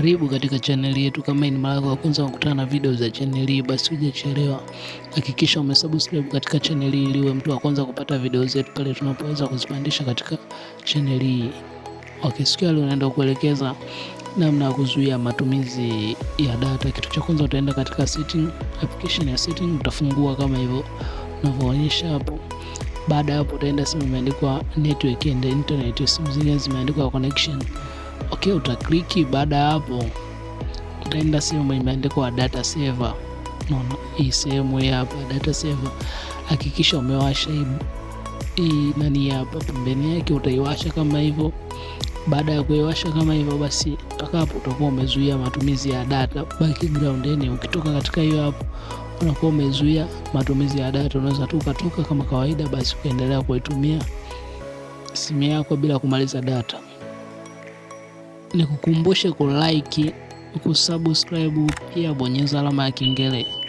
Karibu katika chaneli yetu. Kama ni mara yako ya kwanza kukutana na video za chaneli hii, basi hujachelewa. Hakikisha umesubscribe katika chaneli hii ili uwe mtu wa kwanza kupata video zetu pale tunapoweza kuzipandisha katika chaneli hii. Okay, siku ya leo naenda kuelekeza namna ya kuzuia matumizi ya data. Kitu cha kwanza utaenda katika setting, application ya setting utafungua kama hivyo unavyoonyesha hapo. Baada ya hapo utaenda simu imeandikwa network and internet, simu zingine zimeandikwa connection okay, utakliki. Baada ya hapo, utaenda sehemu imeandikwa data saver. Unaona hii sehemu hii hapa data saver, hakikisha umewasha hii nani hapa pembeni yake, utaiwasha kama hivyo. Baada ya kuiwasha kama hivyo, basi mpaka hapo utakuwa umezuia matumizi ya data background. Yani ukitoka katika hiyo hapo unakuwa umezuia matumizi ya data, unaweza tu ukatoka kama kawaida, basi ukaendelea kuitumia simu yako bila kumaliza data. Nikukumbushe kulike, kusubscribe, pia bonyeza alama ya kengele.